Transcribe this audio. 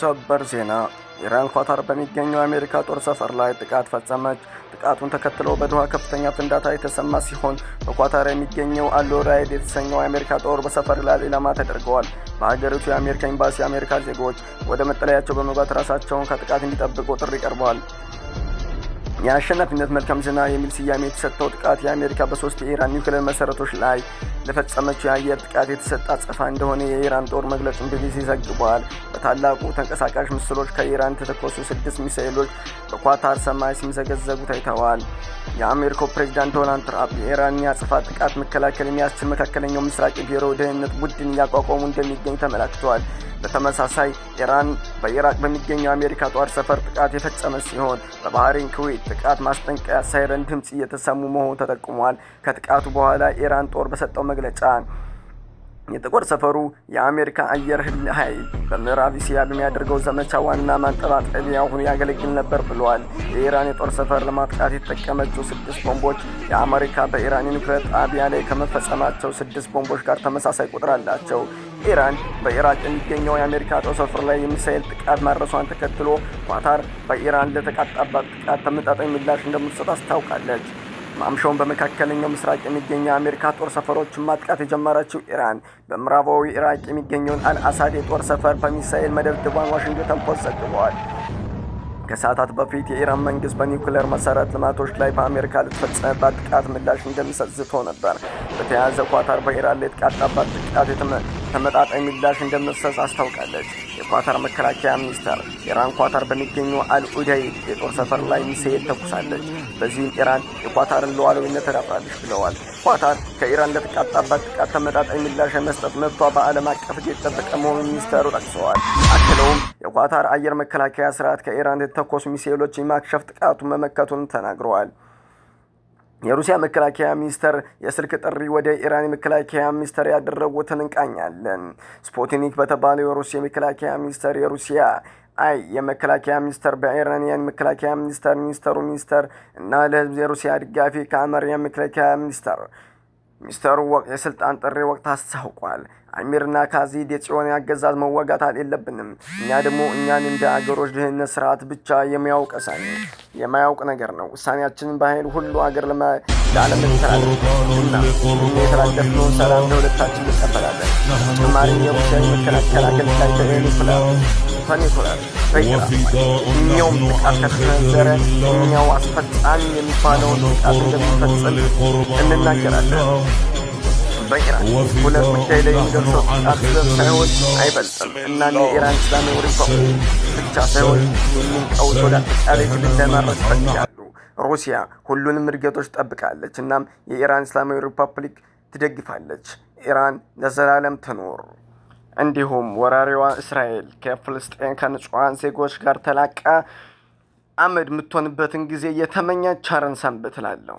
ሰበር ዜና ኢራን ኳታር በሚገኘው የአሜሪካ ጦር ሰፈር ላይ ጥቃት ፈጸመች። ጥቃቱን ተከትሎ በዶሃ ከፍተኛ ፍንዳታ የተሰማ ሲሆን በኳታር የሚገኘው አሎራይድ የተሰኘው የአሜሪካ ጦር በሰፈር ላይ ኢላማ ተደርገዋል። በሀገሪቱ የአሜሪካ ኤምባሲ የአሜሪካ ዜጎች ወደ መጠለያቸው በመግባት ራሳቸውን ከጥቃት እንዲጠብቁ ጥሪ ቀርበዋል። የአሸናፊነት መልካም ዜና የሚል ስያሜ የተሰጠው ጥቃት የአሜሪካ በሶስት የኢራን ኒውክሌር መሰረቶች ላይ ለፈጸመችው የአየር ጥቃት የተሰጠ አጸፋ እንደሆነ የኢራን ጦር መግለጹን ቢቢሲ ዘግቧል። በታላቁ ተንቀሳቃሽ ምስሎች ከኢራን የተተኮሱ ስድስት ሚሳይሎች በኳታር ሰማይ ሲምዘገዘጉ ታይተዋል። የአሜሪካው ፕሬዚዳንት ዶናልድ ትራምፕ የኢራን የአጸፋ ጥቃት መከላከል የሚያስችል መካከለኛው ምስራቅ የብሔራዊ ደህንነት ቡድን እያቋቋሙ እንደሚገኝ ተመላክቷል። በተመሳሳይ ኢራን በኢራቅ በሚገኘው የአሜሪካ ጦር ሰፈር ጥቃት የፈጸመ ሲሆን በባህሬን ኩዌት ጥቃት ማስጠንቀቂያ ሳይረን ድምፅ እየተሰሙ መሆኑ ተጠቁሟል። ከጥቃቱ በኋላ ኢራን ጦር በሰጠው መግለጫ የጥቁር ሰፈሩ የአሜሪካ አየር ኃይል በምዕራብ እስያ በሚያደርገው ዘመቻ ዋና ማንጠባጠቢያ ሆኖ ያገለግል ነበር ብሏል። የኢራን የጦር ሰፈር ለማጥቃት የተጠቀመችው ስድስት ቦምቦች የአሜሪካ በኢራን የኒውክሌር ጣቢያ ላይ ከመፈጸማቸው ስድስት ቦምቦች ጋር ተመሳሳይ ቁጥር አላቸው። ኢራን በኢራቅ የሚገኘው የአሜሪካ ጦር ሰፈር ላይ የሚሳኤል ጥቃት ማድረሷን ተከትሎ ኳታር በኢራን ለተቃጣባት ጥቃት ተመጣጣኝ ምላሽ እንደምትሰጥ አስታውቃለች። ማምሻውን በመካከለኛው ምስራቅ የሚገኘ የአሜሪካ ጦር ሰፈሮችን ማጥቃት የጀመረችው ኢራን በምዕራባዊ ኢራቅ የሚገኘውን አልአሳድ የጦር ሰፈር በሚሳኤል መደብደቧን ዋሽንግተን ፖስት ዘግበዋል። ከሰዓታት በፊት የኢራን መንግስት በኒውክሌር መሰረት ልማቶች ላይ በአሜሪካ ልትፈጸመባት ጥቃት ምላሽ እንደሚሰዝቶ ነበር። በተያያዘ ኳታር በኢራን ላይ የተቃጣባት ጥቃት ተመጣጣኝ ምላሽ እንደምትሰጥ አስታውቃለች። የኳታር መከላከያ ሚኒስተር ኢራን ኳታር በሚገኘው አልዑዳይ የጦር ሰፈር ላይ ሚሳኤል ተኩሳለች፣ በዚህም ኢራን የኳታርን ሉዓላዊነት ተዳፍራለች ብለዋል። ኳታር ከኢራን ለተቃጣባት ጥቃት ተመጣጣኝ ምላሽ የመስጠት መብቷ በዓለም አቀፍ ሕግ የተጠበቀ መሆኑን ሚኒስተሩ ጠቅሰዋል። አክለውም የኳታር አየር መከላከያ ስርዓት ከኢራን የተተኮሱ ሚሳኤሎች የማክሸፍ ጥቃቱን መመከቱን ተናግረዋል። የሩሲያ መከላከያ ሚኒስተር የስልክ ጥሪ ወደ ኢራን የመከላከያ ሚኒስተር ያደረጉትን እንቃኛለን። ስፑትኒክ በተባለው የሩሲያ የመከላከያ ሚኒስተር የሩሲያ አይ የመከላከያ ሚኒስተር በኢራንያን መከላከያ ሚኒስተር ሚኒስተሩ ሚኒስተር እና ለህዝብ የሩሲያ ድጋፊ ከአመር የመከላከያ ሚኒስተር ሚኒስተሩ የስልጣን ጥሪ ወቅት አስታውቋል። አሚርና ካዚድ የጽዮን አገዛዝ መዋጋት የለብንም እኛ ደግሞ እኛን እንደ አገሮች ድህነት ስርዓት ብቻ የሚያውቅ ሳኔ የማያውቅ ነገር ነው። ውሳኔያችንን በኃይል ሁሉ አገር ለዓለም እንተላለፍና የተላለፍነው ሰላም ለሁለታችን እንቀበላለን። ተጨማሪ መከላከል የመከላከል አገልግሎት ፍላ ፓኒኩላር እኛውም ከተሰነዘረ እኛው አስፈጻሚ የሚባለውን እንደሚፈጽም እንናገራለን። በኢራን ሁለት ጉዳይ ላይ የሚደርሰው ሳይሆን አይበልጥም። እናም የኢራን እስላማዊ ሪፐብሊክ ብቻ ሳይሆን ወደ አጠቃላይ ሩሲያ ሁሉንም እድገቶች ጠብቃለች። እናም የኢራን እስላማዊ ሪፐብሊክ ትደግፋለች። ኢራን ለዘላለም ትኖር። እንዲሁም ወራሪዋ እስራኤል ከፍልስጤን ከንጹሐን ዜጎች ጋር ተላቃ አመድ የምትሆንበትን ጊዜ እየተመኘ ቸርን ሰንብት እላለሁ።